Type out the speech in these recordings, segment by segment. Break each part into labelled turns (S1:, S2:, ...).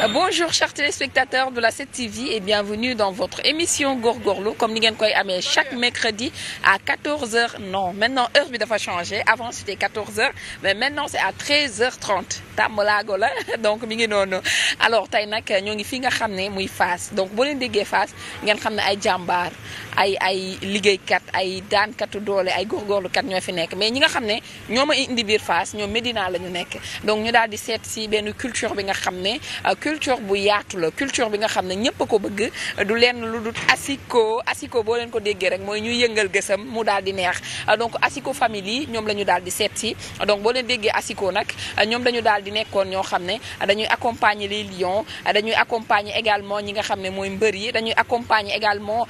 S1: Euh, bonjour chers téléspectateurs de la 7TV et bienvenue dans votre émission Góorgóorlu comme ni ngeen koy amee chaque mercredi à 14h non maintenant heure bi dafa changé avant c'était 14 mais maintenant c'est à 13h30 tàmbalaago la donc mi ngi noonu alors tey nag ñoo ngi fi nga xam ne muy Fass donc boo leen déggee Fass ngeen xam ne ay jàmbaar ay ay liggéeykat ay daankatu doole ay góorgóorlukat ñoo fi nekk mais ñi nga xam ne ñoo ma indi biir Fass ñoom Médina la ñu nekk donc ñu daal di seet si benn culture bi nga xam ne euh, culture bu yaatu la culture bi nga xam ne ñëpp ko bëgg du lenn lu du asiko asiko boo leen ko déggee rek mooy ñuy yëngal gësam mu daal di neex euh, donc asiko famille yi ñoom la ñu daal di seet si donc boo leen déggee asiko nag euh, ñoom dañu daal di nekkoon ñoo xam ne dañuy accompagner les lions dañuy accompagner également ñi nga xam ne mooy mbër yi dañuy accompagner également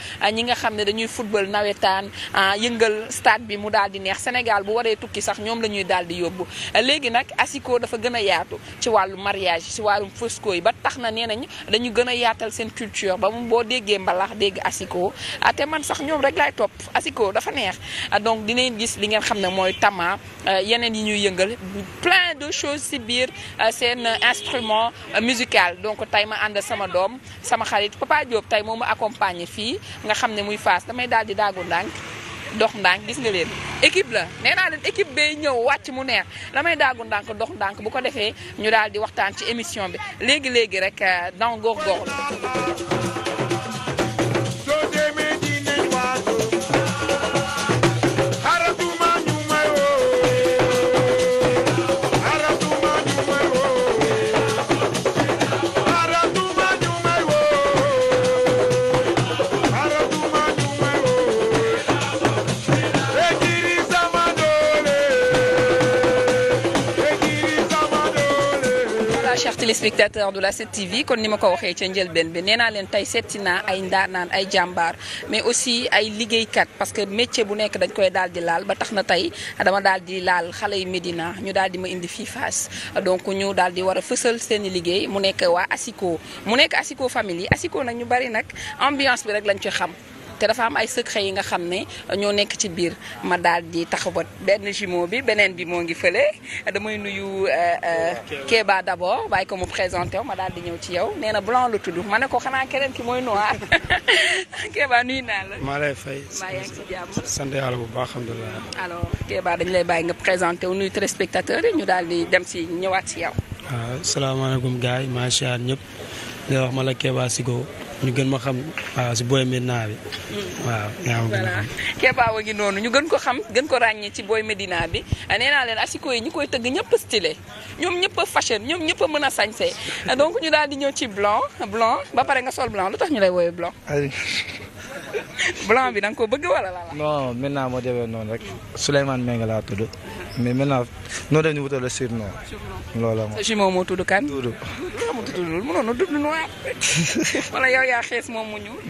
S1: ne dañuy football nawetaan ah, yëngal stade bi mu daal di neex Sénégal bu waree tukki sax ñoom la ñuy daal di yóbbu léegi nag asiko dafa gën a yaatu ci wàllu mariage ci wàllum fosco yi ba tax na nee nañ dañu gën a yaatal seen culture ba mu boo déggee mbalax dégg asiko ah, te man sax ñoom rek laay topp asiko dafa neex ah, donc dinañ gis li ngeen xam ne mooy tama yeneen yi ñuy yëngal plein de choses si biir seen instrument musical donc tey ma ànd sama doom sama xarit Papa tey moo accompagner fii xam paas damay daal di daagu ndànk dox ndànk gis nga leen équipe la nee naa leen équipe bay ñëw wàcc mu neex damay daagu ndànk dox ndànk bu ko defee ñu daal di waxtaan ci émission bi léegi léegi rek euh, dans Goor Goorlu téléspectateurs de la 7TV kon ni ma ko waxee ca njëlbeen bi nee leen tey seeti naa ay ndaanaan ay jàmbaar mais aussi ay liggéeykat parce que métier bu nekk dañ koy daal di laal ba tax na tey dama daal di laal xale yi Médina ñu daal di ma indi fii Fass donc ñu daal di war a fësal seeni liggéey mu nekk waa Asiko mu nekk Asiko famille yi Asiko nag ñu bari nag ambiance bi rek lañ ci xam. te dafa am ay secret yi nga xam ne ñoo nekk ci biir ma daal di taxawat benn jumeau bi beneen bi moo ngi fële damay nuyu euh, euh, Kéba d'abord bàyyi ko mu présenté wu ma daal di ñëw ci yow nee na blanc la tudd ma ne ko xanaa keneen ki mooy noir Kéba nuyu naa la. ma
S2: lay fay maa yaa ngi ci jàmm sant yàlla bu baax alhamdulilah.
S1: alors Kéba dañu lay bàyyi nga présenté wu nuyu téléspectateurs yi ñu daal di dem si ñëwaat si yow.
S2: waaw salaamaaleykum gars yi maa ngi ñëpp di wax ma la Kéba ñu gën ma xam waaw si Boy Médina
S1: bi mm. waaw yaa ma gën a xam Kéba wa ngi noonu ñu gën ko xam gën ko ràññee ci Boy Médina bi nee naa leen asiko yi ñu koy tëgg ñëpp a stylé ñoom ñëpp a fashion ñoom ñëpp mën a sañse donc ñu daal di ñëw ci blanc blanc ba pare nga sol blanc lu tax ñu lay woowee blanc
S3: blanc bi danga nga ko bëgg walla la. non maintenant moo demee noonu rek Souleymane Mbengue laa tudd mais maintenant noo def ñu wutal la surnom. loolu moom sa jumeau
S1: moo tudd kan. Doudou Doudou moo tudd loolu mënoon na Doudou noir wala yow yaa xees moom mu ñuul.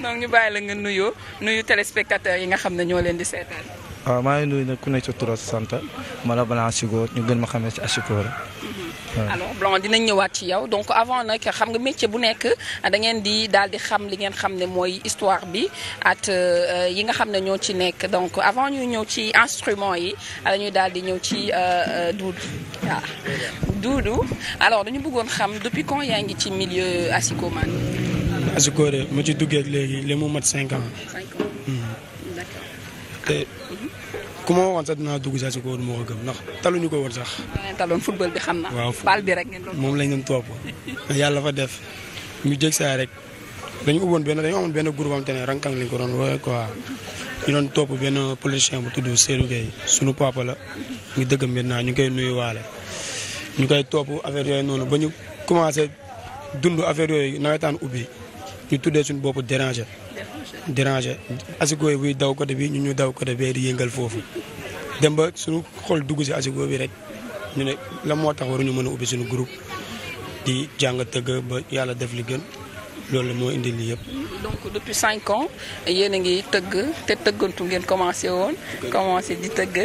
S1: non. ñu bàyyi la nga nuyoo nuyu téléspectateur yi nga xam ne ñoo leen di seetaan.
S3: waaw ah, maa ngi nuyu nag ku nekk ci turam sant ma la balaa Sigo ñu gën ma xamee ci Asikoora.
S1: Mhm. Ah. Blanc dinañ ñëwaat ci yow donc avant nag xam nga métier bu nekk da ngeen di daal di xam li ngeen xam ne mooy histoire bi at euh, yi nga xam ne ñoo ci nekk donc avant ñuy ñëw ci instrument yi dañuy daal di ñëw ci euh, euh, Doudou waaw ah. Doudou dañu bëggoon xam depuis quand yaa ngi ci milieu Asikoman.
S2: mu ci duggee léegi li mu mat cinq ans.
S1: Mhm.
S2: ku ma waxoon sax dinaa dugg sax si kawar moo ko gëm ndax taluñu ko woon sax.
S1: waaw taloon football bi xam waaw bal bi rek
S2: moom lañ doon topp. yàlla fa def ñu jég saa rek dañu ubboon benn dañu benn groupe am te ne rankang lañ ko doon woowee quoi ñu doon topp benn politicien bu tudd Seydou Gueye sunu papa la ñu dëgg maintenant ñu koy nuyu waale ñu koy topp affaire yooyu noonu ba ñu commencé dund affaire yooyu nawetaan ubbi ñu tuddee suñu bopp déranger. déranger asigoo buy daw côté bi ñu ñu daw côté bee di yëngal foofu dem ba suñu xol dugg si asigoo bi rek ñu ne la moo tax waruñu mën a ubbi sunu groupe di jàng tëgg ba yàlla def li gën loolu moo indi lii yëpp.
S1: donc depuis cinq ans yéen a ngi tëgg te tëggantu ngeen commencé woon. commencé di tëgg.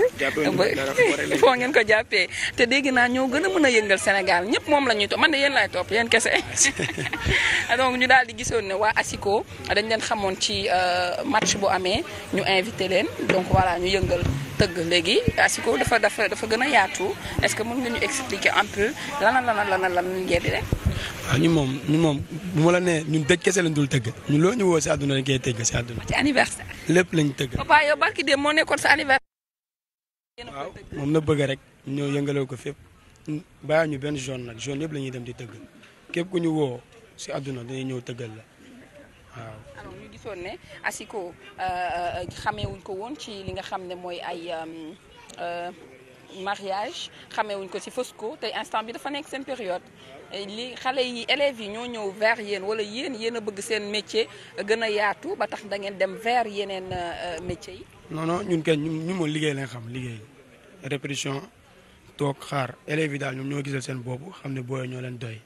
S1: ba foo ngeen ko jàppee. te dégg naa ñoo gën a mën a yëngal Sénégal ñëpp moom la ñuy topp man de yéen laay topp yéen kese. donc ñu daal di gisoon ne waa ASICO dañ leen xamoon ci euh, match bu amee ñu invité leen donc voilà ñu yëngal tëgg léegi ASICO dafa dafa dafa gën a yaatu est-ce que mën nga ñu expliquer un peu lan lan lan lan lan ngeen di rek.
S2: waaw ñun moom ñun moom bu ma la nee ñun dëj kese lañ dul tëgg ñun loo ñu woo si àdduna dañ koy tëgg si àdduna. lépp lañ tëgg.
S1: papa yow barki de moo nekkoon sa anniversaire.
S2: moom na bëgg rek ñëw yëngalewu ko fépp bàyyi ñu benn zone nag zone yëpp la ñuy dem di tëgg képp ku ñu woo si àdduna dañuy ñëw tëggal la
S4: waaw.
S1: alors ñu gisoon ne Asiko euh, euh, xamee wuñ ko woon ci li nga xam ne mooy ay. Euh, mariage xamee wuñ ko ci ko te instant bi dafa nekk seen période li xale yi élèves yi ñoo ñëw vers yéen wala yéen yéen a bëgg seen métier gën a yaatu ba tax da ngeen dem vers yeneen euh, métiers yi.
S2: non non ñun kenn ñu moom liggéey lañ xam liggéey répétition toog xaar élèves yi daal ñoom ñoo gisal seen bopp xam ne booyoo ñoo leen doy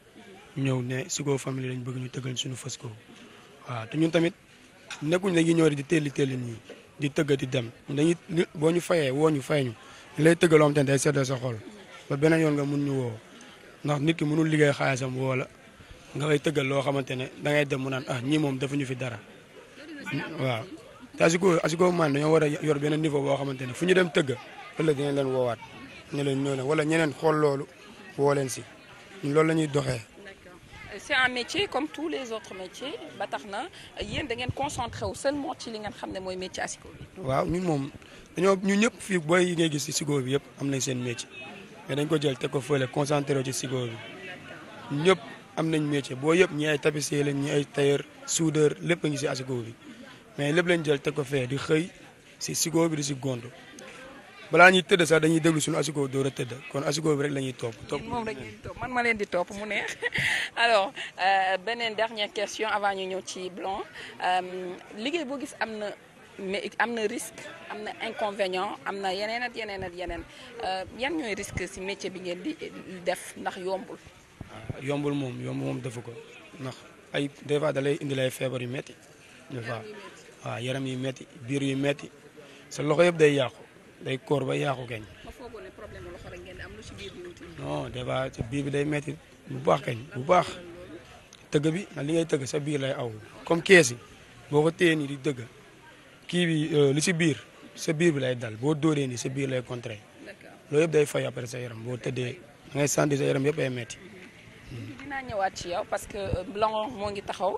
S2: ñëw ne Sigo Family lañ bëgg ñu tëggal suñu fës ko waaw te ñun tamit nekkuñ la ñu ñëw di telli telli nii di tëgg di dem dañuy boo ñu fayee woo ñu fay ñu lay tëggaloo am te day seddal sa ba beneen yoon nga mun ñu woo. ndax nit ki mënul liggéey xaalisam woola nga koy tëggal loo xamante ne da ngay dem mu naan ah ñii moom defuñu fi dara waaw te asiko asiko man dañoo war a yor beneen niveau boo xamante ne fu ñu dem tëgg ëllëg dinañ leen woowaat ne leen ñoo leen wala ñeneen xool loolu woo leen si loolu la ñuy doxee.
S1: c'est un métier comme tous les autres métiers ba tax na yéen da ngeen concentré wu seulement xam ne mooy métier asiko bi.
S2: waaw ñun moom dañoo ñun ñëpp fii booy yi ngay gis si sigo bi yëpp am nañ seen métier. mais dañ ko jël teg ko fële concentré ci sigo bi ñëpp am nañ métier boo yëpp ñi ay tapissier lañ ñi ay tailleur soudeur lépp a ngi si asigo bi mais lépp lañ jël teg ko fee di xëy si sigo bi di si gond balaa ñuy tëdd sax dañuy déglu suñu asiko door a tëdd kon asiko bi rek la ñuy topp. topp moom la ñuy
S1: topp man ma leen di topp mu neex alors euh, beneen dernière question avant ñu ñëw ci Blanc euh, liggéey boo gis am na. mais am na risque am na inconvénient am na yeneen ak yeneen ak yeneen euh, yan ñooy risque ci métier bi ngeen di def ndax yombul.
S2: Ah, yombul moom yombul moom defu ko ndax ay des fois da lay indil feebar yu metti des fois waaw yaram yu metti biir yu metti sa loxo yëpp day yàqu day koor ba yàqu kañ.
S1: ma foogoon ngeen am lu ci biir
S2: sa biir bi day metti bu baax kañ bu baax tëgg bi li ngay tëgg sa biir lay aw comme kees yi boo ko téye nii di dëgg. kii bi euh, lu si biir sa biir bi lay dal boo dooree nii sa biir lay contrer loolu yëpp day fay après sa yaram boo tëddee da ngay sentir sa yaram yëpp ay metti
S1: dinaa ñëwaat ci yow parce que euh, Laurent moo ngi taxaw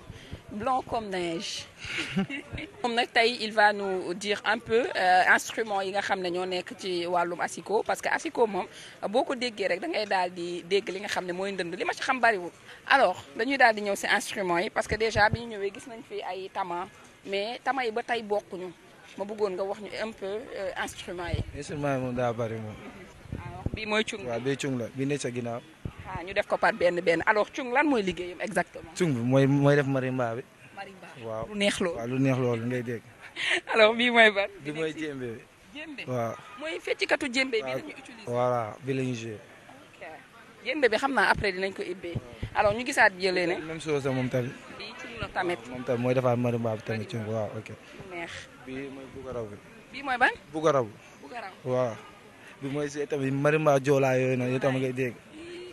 S1: blanc comme neige moom nag tey il va nous dire un peu euh, instrument yi nga xam ne ñoo nekk ci wàllum asiko parce que asiko moom boo ko déggee rek da ngay daal di dégg li nga xam ne mooy ndënd li ma ci xam bariwul alors dañuy daal di ñëw si instrument yi parce que déjà bi ñu ñëwee gis nañ fii ay tama mais tama yi ba tey bokkuñu ma bëggoon nga wax ñu un peu euh, instrument yi.
S3: instrument yi moom daa bari moom. alors bii mooy cung. waaw bii cung la bii sa ginnaaw.
S1: Ah, ñu def ko par benn benn alors cung lan mooy liggéeyam exactement.
S3: cung bi mooy mooy def marimba bi. waaw lu neex loolu. waaw lu neex loolu ngay dégg.
S1: alors bii mooy ban.
S3: bii mooy jéembe
S1: bi. jéembe waaw. mooy feccikatu jéembe bi
S3: la utiliser.
S1: jëmbe bi xam naa après dinañ ko ibbee alors ñu gisaat jële ne. même
S3: chose moom tamit. tamit. moom mooy defaat marimba bi tamit cungu waaw ok. neex bii mooy
S1: bugaraw bi. bii mooy ban.
S3: bugaraw. bugaraw waaw. bi mooy si tamit marimba joolaa yooyu noonu yow tam ngay dégg.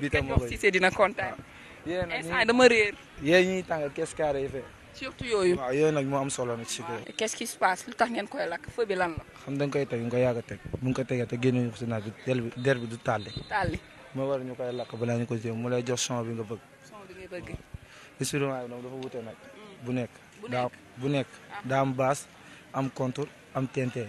S3: bii tam moo koy Cissé
S1: dina kontaan. Ah. yéen instant dama réer.
S3: yéen ñuy tàng kees carré yi fe
S1: surtout yooyu. waaw
S3: yooyu nag moo am solo nag ci kër.
S1: qu'est-ce qui lu tax ngeen koy lakk feu bi lan la.
S3: xam dañ koy teg nga koy yàgg teg bu ñu ko tegee te génne ko si naaj bi der bi du taal tàlli. mu war ñu koy lakk balaa ñu ko jéem mu lay jox son bi nga bëgg.
S1: son bi nga bëgg.
S3: instrument bi nag dafa wute nag. Mm. bu nekk daa bu nekk ah. am basse am contour am tente.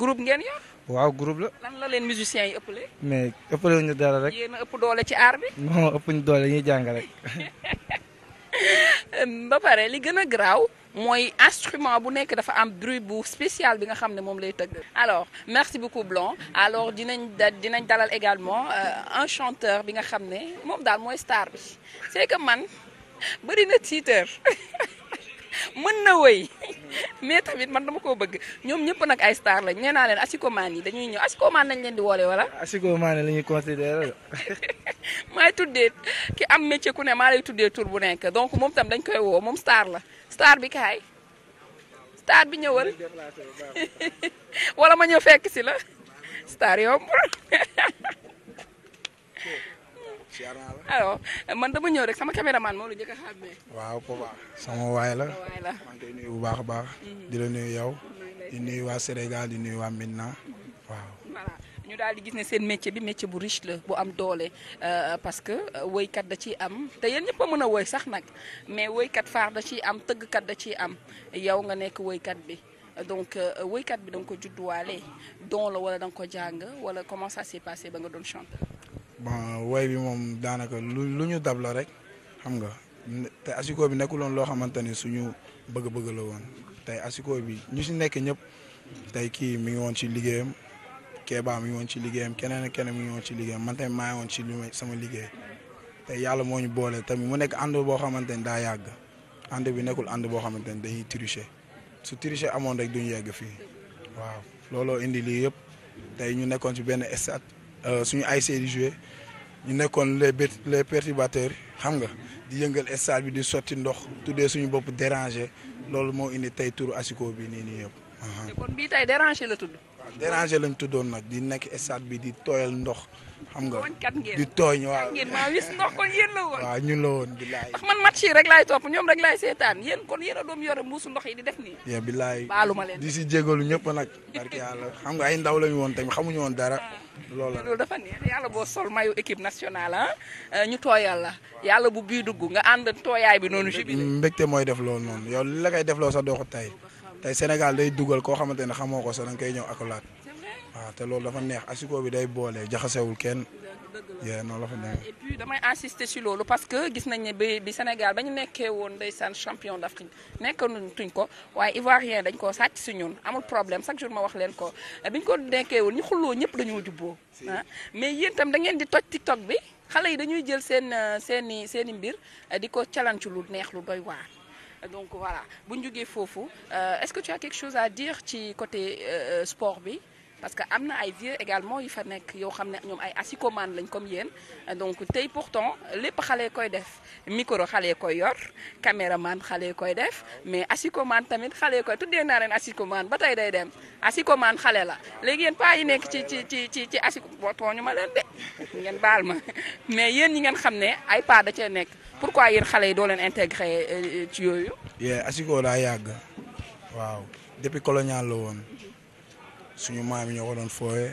S1: group yéen ngeen yor.
S3: waaw groupe la.
S1: lan la leen musiciens yi ëppale.
S3: mais ëpp ëppale ñu dara rek.
S1: yéen a ëpp doole ci aar bi.
S3: non ëpp ñu doole ñuy jàng rek.
S1: ba pare li gën a garaaw. mooy instrument bu nekk dafa am bruit bu spéciale bi nga xam ne moom lay tëgg. alors merci beaucoup Blanc alors dinañ da dinañ dalal également euh, un chanteur bi nga xam ne moom daal mooy star bi c'est que man bëri na tiiteur mën na woy mais tamit man dama koo bëgg ñoom ñëpp nag ay star lañ nee naa leen asikomaan yi dañuy ñëw asikomaan nañ leen di woole wala.
S3: asikomaan la ñuy considérer
S1: maay tuddee ki am métier ku ne maa lay tuddee tur bu nekk donc moom tam dañ koy woo moom star la star bi kaay star bi ñëwal wala ma ñëw fekk si la star yomb alors man dama ñëw rek sama caméraman moo la njëkk a xàmme
S5: waaw Papa sama waay la
S1: maa
S5: bu baax a baax mhm. di la nuyu yow mhm. di nuyu waa Sénégal di nuyu waa Medina
S6: mhm.
S1: ñu daal di gis ne seen métier bi métier bu riche la bu am doole euh, parce que euh, woykat da ciy am te yéen ñëpp mën a woy sax nag mais woykat faar da ciy am tëgg kat da ciy am yow nga nekk woykat bi donc euh, woykat bi da ko judduwaale don la wala da nga ko jàng wala comment ça s'est ba nga doon chanter.
S5: bon woy bi moom daanaka lu lu ñu dab la rek xam nga te asiko bi nekkuloon loo xamante ne suñu bëgg-bëgg la woon tey asiko bi ñu si nekk ñëpp tey kii mi ngi woon ci liggéeyam. Kéba mi ngi woon ci liggéeyam keneen ak keneen mi ngi woon ci liggéeyam man tamit maa ngi woon ci sama liggéey te yàlla moo ñu boole tamit mu nekk ànd boo xamante ni daa yàgg ànd bi nekkul ànd boo xamante ni dañuy tricher su tricher amoon rek duñu yegg fii waaw looloo indi lii yëpp tey ñu nekkoon ci benn stade euh, suñu ASC di joué ñu nekkoon les les perturbateurs xam nga di yëngal stade bi di sotti ndox tuddee suñu bopp déranger loolu moo indi tey turu asiko bi nii nii yëpp. déranger lañ tuddoon nag di nekk stade bi di tooyal ndox xam nga
S1: di tooñ waaw waaw ñun
S5: la woon bilaay ndax
S1: man match yi rek laay topp ñoom rek laay seetaan yéen kon yéen a doom yore mbuusu ndox yi di def nii
S5: yee bilaay di si jégalu ñëpp nag barke yàlla xam nga ay ndaw lañu woon tamit xamuñu woon dara ah. lool loolu
S1: dafa neex yàlla boo sol mayu équipe nationale ah eh, ñu tooyal la yàlla bu bii dugg nga ànd tooyaay bi noonu ci bi
S5: mbégte mooy def loolu noonu yow la koy def sa doo ko tey Sénégal day dugal koo xamante ne xamoo ko so da nga koy ñëw accolade waaw te loolu dafa neex asiko bi day boole jaxasewul kenn. yee noonu la fa neex.
S1: damay insister ci loolu parce que gis nañ ne bi bi Sénégal ba ñu nekkee woon san champion d'Afrique nekkoon tuñ ko waaye Ivoirien dañ koo sàcc si ñun amul problème chaque jour ma wax leen ko bi ñu ko nekkee woon ñu xulloo ñëpp dañoo jubboo. ah mais yéen itam da ngeen di toj TikTok bi xale yi dañuy jël seen euh, seen i seen i mbir di ko challenge lu neex lu doy waar. donc voilà bu ñu jógee foofu euh, est-ce que tu as quelque chose à dire ci côté euh, sport bi. parce que am na ay vieux également yu fa nekk yoo xam ne ñoom ay asikoman lañ comme yéen donc tey pourtant lépp xale koy def micro xale koy yor caméraman xale koy def mais asikoman tamit xale koy tuddee naa leen asikoman ba tey day dem asikoman xale la léegi yéen paa yi nekk ci ci ci ci ci asiko tooñu ma leen de ngeen baal ma mais yéen ñi ngeen xam ne ay paa da cee nekk pourquoi yéen xale yi doo leen intégré euh, ci yooyu.
S5: yee asiko laa yàgg waaw depuis colonial la woon. suñu maam yi ñoo ko doon fooyee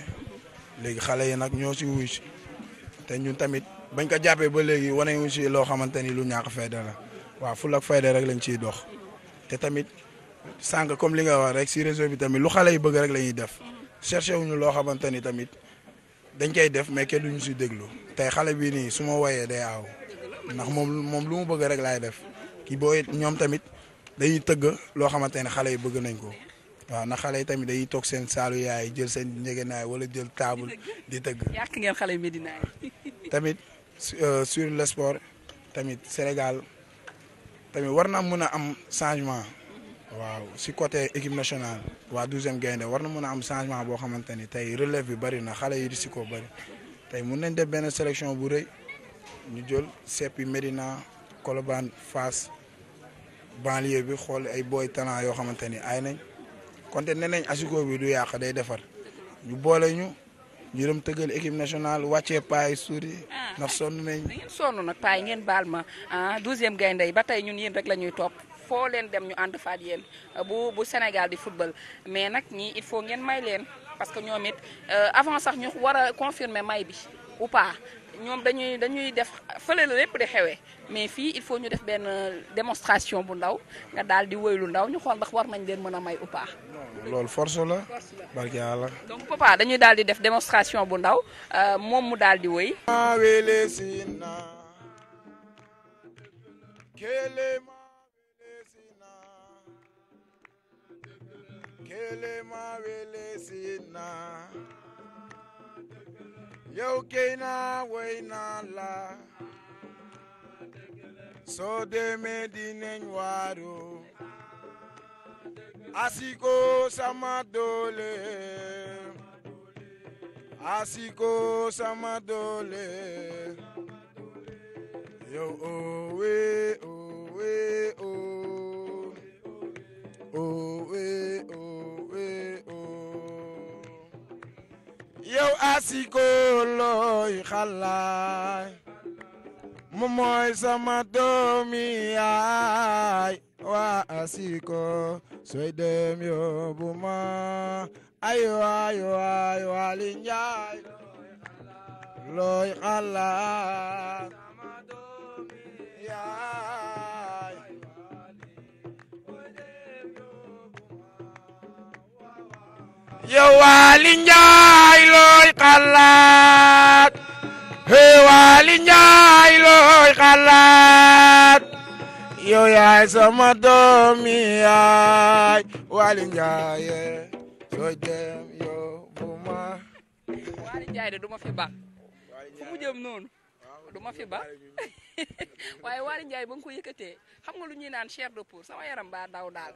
S5: léegi xale yi nag ñoo si wuy te ñun tamit bañ ko jàppee ba léegi wane wuñ si loo xamante ni lu ñaax fayda la waaw fu ak fayda rek lañ ciy dox te tamit sànq comme li nga wax rek si réseau bi tamit lu xale yi bëgg rek la ñuy def cherché wuñu loo xamante ni tamit dañ koy def mais kenn ñu si déglu tey xale bii nii su ma woyee day aw ndax moom moom lu mu bëgg rek laay def ki booy ñoom tamit dañuy tëgg loo xamante ne xale yi bëgg nañ ko waaw na xale yi tamit day toog seen saalu yaay jël seen njëgënaay wala jël table di tëgg.
S1: yàq ngeen xale Medina yi
S5: tamit euh, sur le sport tamit Sénégal tamit war na mën a am changement. Mhm. waaw si côté équipe nationale. waa douzième gaynde war na mën a am changement boo xamante ni tey relève bi bari na xale yi di si ko bëri tey mun nañ def benn sélection bu rëy ñu jël seppi Medina Colobane Fass banlieue bi xool ay booy talent yoo xamante ni ay nañ. konte nee nañ asiko bi du yàq day defar ñu boole ñu ñu dem tëggal équipe nationale wàccee paay suuri ah. ndax sonn nañ. da
S1: ngeen sonn nag paay ngeen baal ma ah douzième gaynde yi ba tey ñun yéen rek la ñuy topp foo leen dem ñu ànd faat yeen ah, bu Sénégal di football mais nag ñii il faut ngeen may leen parce que ñoom it euh, avant sax ñu war a may bi ou pas ñoom dañuy dañuy def fële la lépp di xewee mais fii il faut ñu def benn démonstration bu ndaw nga daal di woy lu ndaw ñu xool ndax war nañ leen mën a may ou pas.
S5: loolu force la. barke yàlla. donc
S1: papa dañuy daal di def démonstration bu ndaw euh, moom mu daal di woy.
S5: kelema wele sina yow géy na woy naa la soo demee dinañ waaru asiko sama doole asiko sama doole yow owe asikoloy xalaay mu mooy sama doomi yaay waa asiko soy dem yóbbu ma ay waay waay waali njaay looy xalaat
S6: yow Waly Ndiaye looy xalaat hey Waly looy xalaat yow yaay sama doomi yaay
S5: Waly Ndiaye soo dem yow bu
S1: ma. Waly Ndiaye de du ma fi ba fu mu noonu du ma fi ba. waaye Waly Ndiaye ba nga ko yëkkatee xam nga lu ñuy naan chair de pour sama yaram baa daw daal.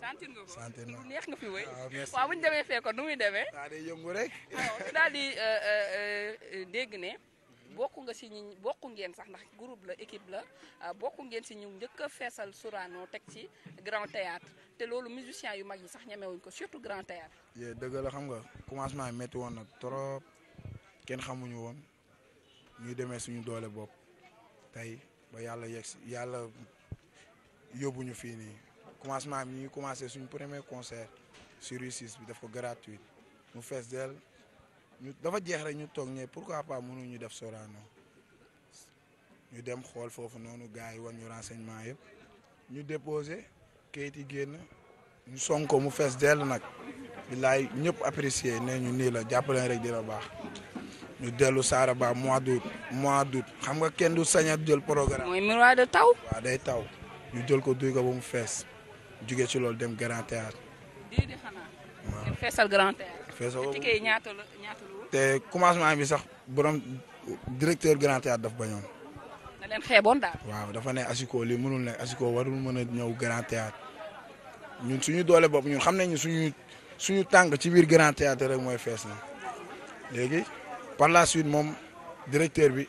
S1: sentir nga ko neex nga fi wéy. Ah, waaw bu ñu demee fee ko nu demee. daa day yëngu rek. Ah, daal di euh, euh, euh, dégg ne. bokk nga si ñi bokk ngeen sax ndax groupe la équipe la ah, bokk ngeen si ñu njëkk feesal Sorano teg ci grand théâtre te loolu musicien yu mag yi sax ñemewuñ ko surtout grand théâtre
S5: yee la xam nga commencement métti woon nag trop kenn xamuñu woon ñuy demee suñu doole bopp tey ba yàlla yegg si yàlla yóbbuñu fii nii commencement bi ñu commencé suñu premier concert sur u bi dafa ko gratuit mu fees dell ñu dafa jeex rek ñu toog ñe pourquoi pas mënuñu def Sorano ñu dem xool foofu noonu gars yi wan ñu renseignement yëpp ñu déposé kayit yi génn ñu song ko mu fees dell nag billaay ñëpp apprécier nee ñu nii la jàppaleen rek dina baax ñu dellu baa mois d' mois d' xam nga kenn du sañ a jël programme.
S1: mooy miroir de taw. waaw
S5: day taw ñu jël ko duy ko ba mu fees jóge ci loolu dem Grand Théâtre.
S1: déedéet ñaata la
S5: te commencement bi sax borom directeur Grand Théâtre daf bañoon. da waaw dafa ne asiko li mënul ne asiko warul mën a ñëw Grand Théâtre ñun suñu doole bopp ñu xam nañu suñu suñu tànk ci biir Grand Théâtre rek mooy fees na léegi. par la suite moom directeur bi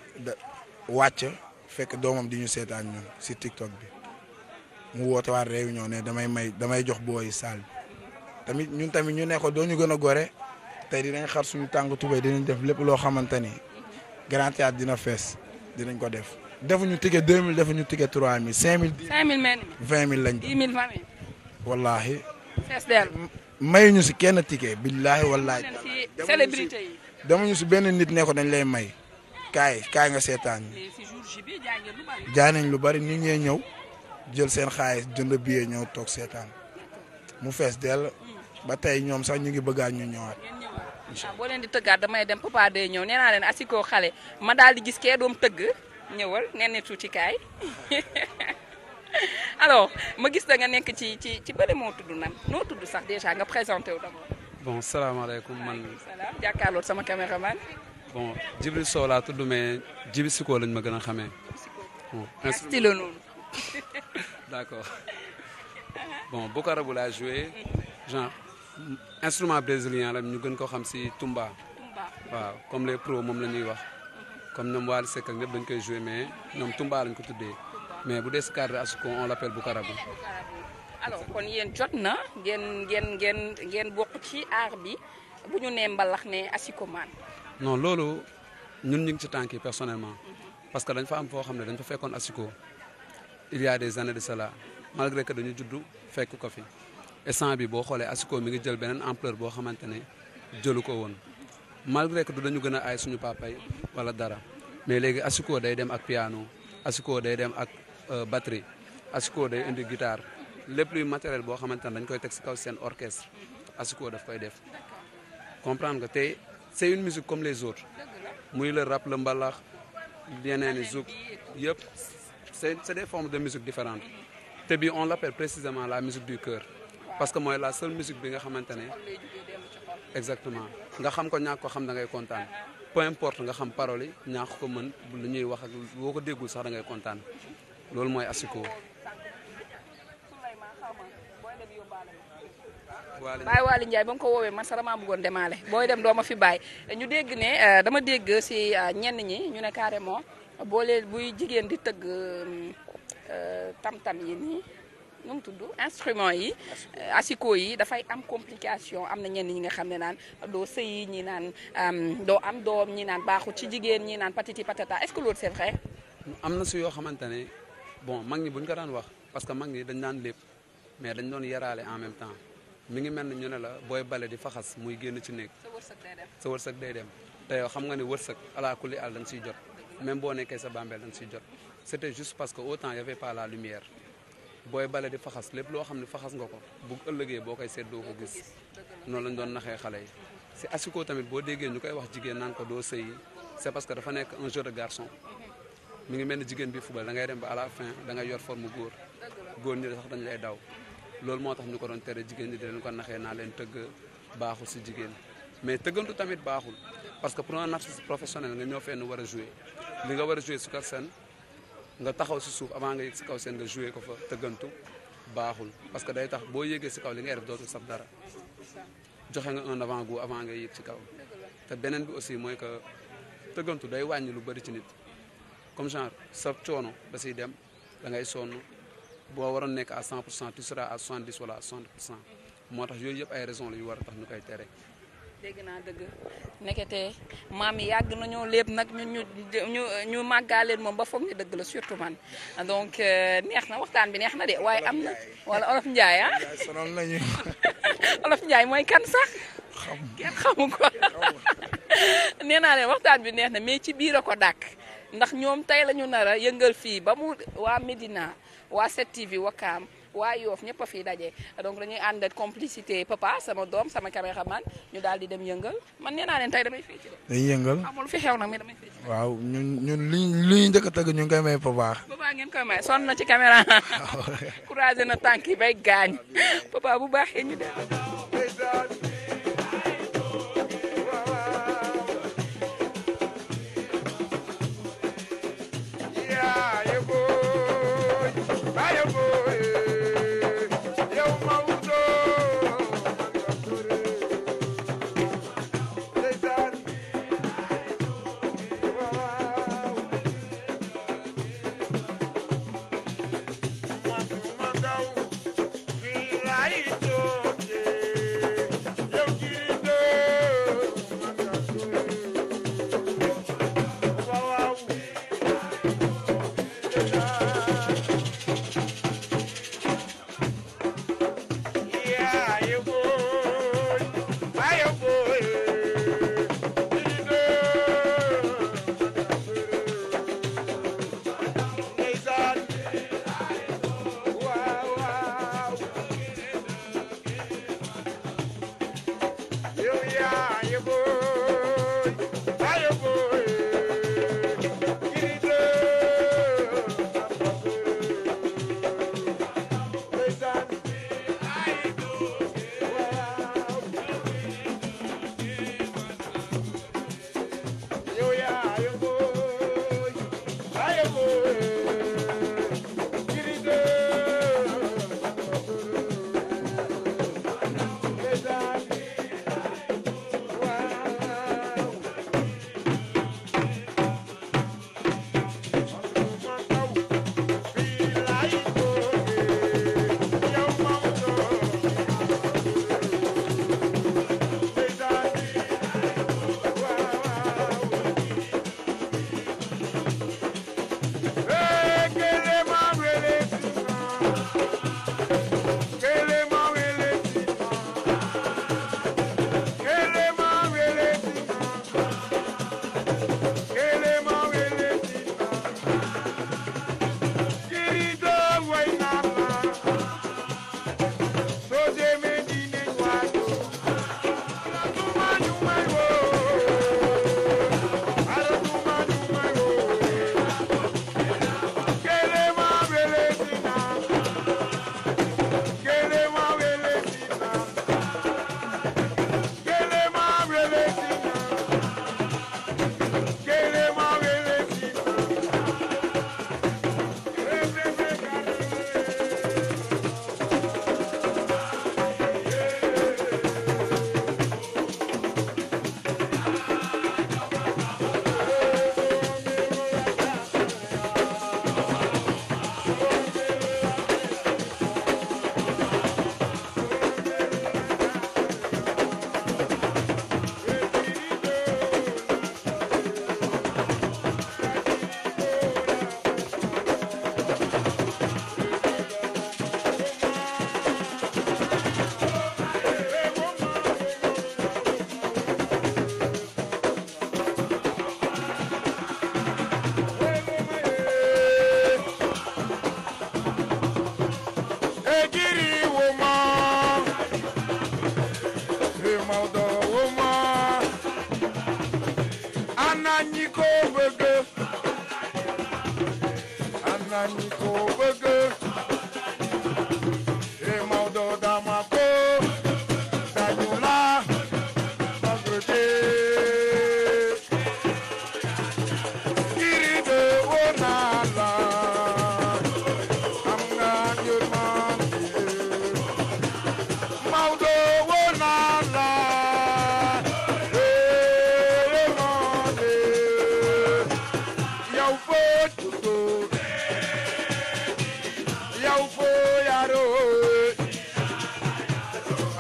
S5: wàcc fekk doomam di ñu seetaan ñun si TikTok bi mu woote waat ñoo ne damay may damay jox booy saal bi tamit ñun tamit ñu ne ko doo ñu gën a gore tey dinañ xar suñu tàng tubéy dinañ def lépp loo xamante ni Grand Théâtre dina fees dinañ ko def defuñu ticket 2000 defuñu ticket 3000 5000. 5000 mel ni 20000 lañ. 10 000 famille. wallaahi. fees dell. mayuñu si kenn ticket. billaahi wallaahi.
S1: célébrité yi.
S5: demuñu si benn nit ne ko dañ lay may kaay kaay nga seetaan jaay nañ lu bari nit ñee ñëw jël seen xaalis jënd billet ñëw toog seetaan mu fees dell ba tey ñoom sax ñu ngi bëggaat ñu ñëwaat.
S1: boo leen di tëggaat damay dem papa day ñëw nee naa leen asikoo xale ma daal di gis kee doom tëgg ñëwal nee ne tuuti kaay ma gis da nga nekk ci ci ci bële moo tudd nan noo tudd sax déjà nga présenté wu d'abord
S4: bon salaamaaleykum man.
S1: jàkkaarloo sama caméraman.
S4: bon Djibril Sow laa tudd mais Djibi Siko lañ ma gën a xamee. bon instrument noonu.
S1: d'
S4: accord bon Bokarabu laa joué mhm. genre instrument brésilien la ñu gën ko xam si Tumba. waaw comme les pros moom la ñuy wax. Mhm. comme ñoom Waly Seck ak ñëpp dañ koy joué mais ñoom Tumba lañ ko tuddee mais bu dee si cadre Asuko on l' appelle Bokarabu.
S1: alors kon yéen jot na ngeen ngeen ngeen ngeen bokk ci aar bi bu ñu nee mbalax ne asikomaan.
S4: non loolu ñun ñu ngi ci tànk yi personnellement. parce que dañ fa am foo xam ne dañ fa fekkoon asiko il y des années de cela malgré que dañu juddu fekk ko fi instant bi boo xoolee asiko mi ngi jël beneen ampleur boo xamante ne jëlu ko woon malgré que du dañu gën a aay suñu papa yi wala dara mais léegi asiko day dem ak piano asiko day dem ak euh, batterie asiko day indi guitare. lépp luy matériel boo xamante ne dañ koy teg si kaw seen orchestre mhm. Asiko daf koy def comprendre nga te c'est une musique comme les autres muy le rap le mbalax yeneen i zouk yëpp c'est c'est des formes de musique différentes mhm. te bi on l'appelle précisément la musique du cœur parce que mooy la seule musique bi nga xamante ne exactement nga xam ko ñàkk ko xam da ngay kontaan uh-huh. peu importe nga xam parole yi ñàkk ko mën lu ñuy wax ak boo ko déggul sax da ngay kontaan loolu mooy Asiko
S1: Baye Waly Ndiaye ba nga ko woowee man sax damaa bëggoon demaale booy dem doo fi baay ñu dégg ne euh, dama dégg si euh, ñenn ñi ñu ne carrément booleel buy jigéen di tëgg euh, tam-tam yi nii nu mu tudd instrument yi asiko yi dafay am complication am na ñenn ñi nga xam ne naan doo sëyi ñi naan doo am doom ñi naan baaxul ci jigéen ñi naan patiti patata est-ce que loolu c'est
S4: am na si yoo xamante ne bon mag ñi buñ ko daan wax parce que mag ñi dañ daan lépp mais dañ doon yaraale en même temps mi ngi mel ni ñu ne la booy bale di faxas muy génn ci néeg sa wërsëg day dem te yow xam nga ne wërsëg ala kulli àll da nga siy jot même boo nekkee sa bàmbeel da nga siy jot c'était juste parce que autant y avait pas la lumière booy bale di faxas lép loo xam ne faxas nga ko bu ëllëgee boo koy seet doo ko gis noonu lañ doon naxee xale yi si asiko tamit boo déggee ñu koy wax jigéen naan ko doo sëy c'est parce que dafa nekk un jeu de garçon mi ngi mel ni jigéen bi fubal da ngay dem ba la fin da ngay yor forme góor góor ñi sax dañ lay daw loolu moo tax ñu ko doon tere jigéen ñi di leen ko naxee naa leen tëgg baaxul si jigéen mais tëggantu tamit baaxul parce que pour un artiste professionnel nga ñëw fenn war a jouer li nga war a jouer si kaw nga taxaw si suuf avant nga yëg si kaw seen nga jouer ko fa tëggantu baaxul parce que day tax boo yéegee si kaw li ngay def dootul saf dara joxe nga en avant goût avant ngay yëg si kaw te beneen bi aussi mooy que tëggantu day wàññi lu bëri ci nit comme genre sa coono da siy dem da ngay sonn. boo waroon nekk à 100 pour cent tu seras à 70 wala à pour cent moo tax yooyu yëpp ay raison la yu war a tax ñu koy tere.
S1: dégg naa dëgg nekkete maam yi yàgg nañoo lépp nag ñu ñu ñu ñu moom ba foog ne dëgg la surtout man donc euh, neex na waxtaan bi neex na de waaye am na wala olof Ndiaye ah. sonal mooy kan sax. xam kenn xamu ko. nee naa leen waxtaan bi neex na mais ci biir a ko dàq ndax ñoom tey lañu ñu yëngal fii ba mu waa Medina. waa 7TV Wakaam waa Yoof ñëpp a fiy daje donc dañuy ànd ak complicité papa sama doom sama caméraman ñu daal di dem yëngal man nee naa leen tey damay fecc de. dañuy yëngal fi xew nag mais damay
S5: waaw ñun ñu li li ñu njëkk a ñu ngi koy may papa.
S1: papa ngeen koy may sonn na ci caméra. courage na tànk yi bay gaañ papa bu baaxee ñu dem.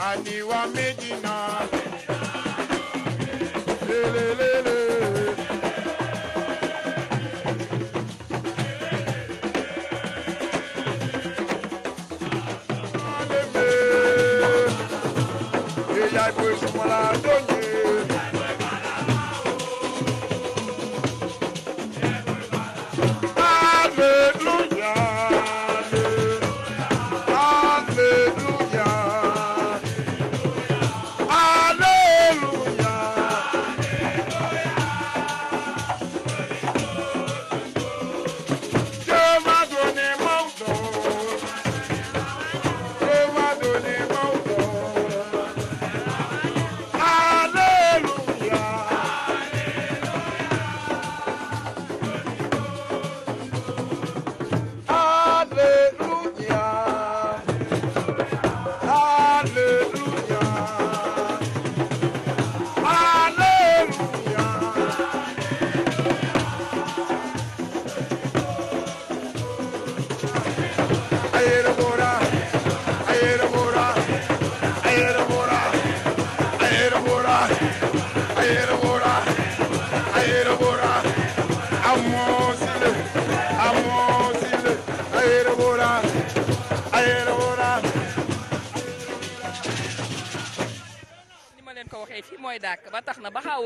S6: àníwá méjì náà.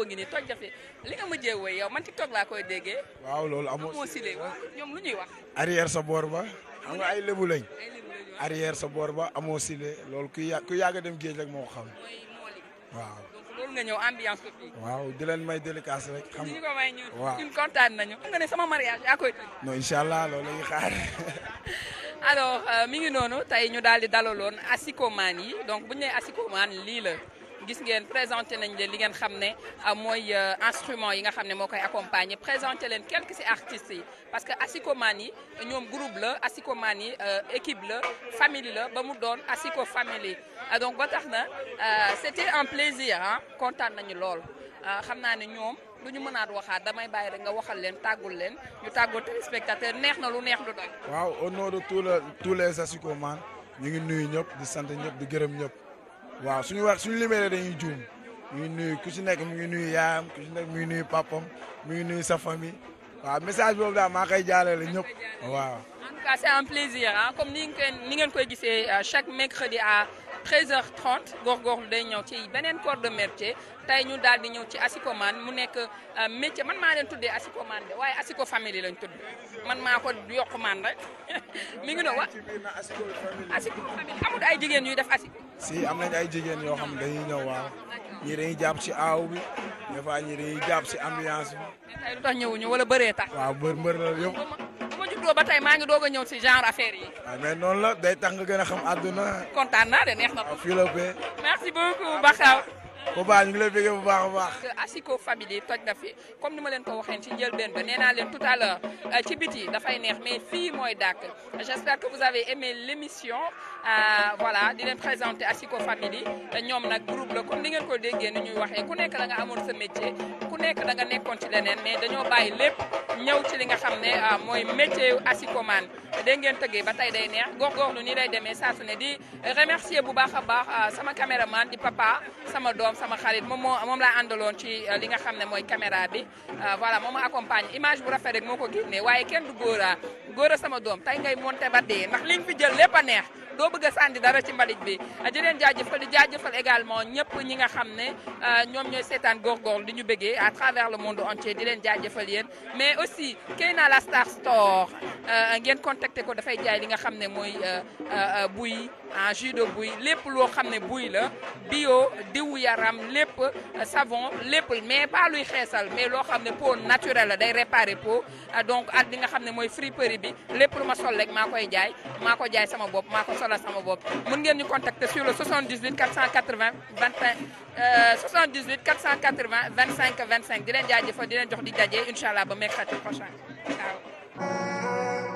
S1: a ngi nii toj jafe li nga mujjee woy yow man ci toog laa koy déggee.
S5: waaw loolu amoo sile ñoom sa boor ba xam nga ay lébu sa boor ba amoo sile loolu ku ya ku yàgg dem géej rek moo xam. waaw
S1: loolu nga ñëw ambiance ko fii.
S5: waaw di leen may délicace rek. xam nga
S1: waaw ñun kontaan nañu. xam nga ne sama mariage yaa koy tëj.
S5: non incha xaar.
S1: alors euh, mi ngi noonu tey ñu daal di dalaloon asikomaan yi donc bu ñu nee asikomaan lii la. gis ngeen présenté nañ leen li ngeen xam ne euh, mooy euh, instrument yi nga xam ne moo koy accompagner présenté leen quelques ci artistes yi parce que Asikoman yi ñoom groupe la Asikoman yi euh, équipe la famille la ba mu doon Asiko family donc ba tax na c'était un plaisir ah kontaan nañu lool xam naa ne ñoom lu ñu mënaat waxaat damay bàyyi rek nga waxal leen tàggul leen ñu tàggoo téléspectateur neex na lu neex lu doy.
S5: waaw au nom de tous les tous les ñu ngi nuyu ñëpp di sant ñëpp di gërëm waaw suñu wax suñu limee dañuy juum mu ngi nuyu si nekk mu ngi nuyu yaayam ku si nuyu papam mu ngi nuyu sa famille waaw message boobu daal maa koy jaalale ñëpp waaw. en
S1: tout cas plaisir comme ni ngeen koy ni ngeen koy gisee euh, chaque mercredi à. 13h30 góorgóorlu day ñëw ci beneen corps de métier tey ñu daal ñëw ci asikoman mu nekk euh, métier man maa leen tuddee asikoman de waaye asiko famille lañ tudd man maa ko yokk man rek mi ngi no wa asiko famille ay jigéen yuy def asiko.
S5: si am nañ ay jigéen yoo xam dañuy ñëw waaw ñii dañuy jàpp ci aaw bi des fois ñii dañuy jàpp ambiance
S1: bi. tax ñëwuñu wala bëree
S5: tax. waaw mbër mbër la yëpp.
S1: juddoo ba tey maa ngi doog a ñëw si genre affaire yi.
S5: waaw ah, mais noonu la day tax nga gën a xam àdduna.
S1: kontaan naa de neex na. waaw ah, fii la bee. merci beaucoup Bakhaw.
S5: bu baax ñu ngi lay bëggee bu baax a baax.
S1: Euh, asiko famille toj na fi comme ni ma leen ko waxee ci njëlbeen ba nee naa leen tout à l'heure euh, ci biti dafay neex mais fii mooy dàkk j'espère que vous avez aimé l'émission euh, voilà di leen présenter asiko famille ñoom nag groupe la comme li ngeen ko déggee ni ñuy waxee ku nekk la amoon sa métier. nekk da nga nekkoon ci leneen mais dañoo bàyyi lépp ñëw ci li nga xam ne ah, mooy métier asikomaan dégg ngeen tëggee ba tey day neex góorgóorlu nii lay demee saa su ne di remercier bu baax a baax ah, sama caméraman di papa sama doom sama xarit moom moo moom laa àndaloon ci ah, li nga xam ne mooy caméra bi voilà moom accompagne image bu rafet rek moo ko génnee waaye kenn du góora góora sama doom tey ngay monté ba dee ndax liñ fi jël lépp a neex doo bëgg a sànni dara ci mbalit bi jëleen leen jaajëfal di jaajëfal également ñëpp ñi nga xam ne euh, ñoom ñooy seetaan góorgóorlu di ñu bëggee à travers le monde entier di leen jaajëfal yéen mais aussi Keyna la Star Store euh, ngeen contacté ko dafay jaay li nga xam ne mooy euh, buy ah jus de buy lépp loo xam ne buy la bio diwu yaram lépp euh, savon lépp mais pas luy xeesal mais loo xam ne peau naturelle la day réparer peau euh, donc ak li nga xam ne mooy friperie bi lép lu ma sol rek maa koy jaay maa ko jaay sama bopp maa ko solal sama bopp mun ngeen ñu contacter sur le 78 480 25 78 480 25 25 di leen jaajëfal di leen jox di daje incha allah ba mercredi prochain waaw.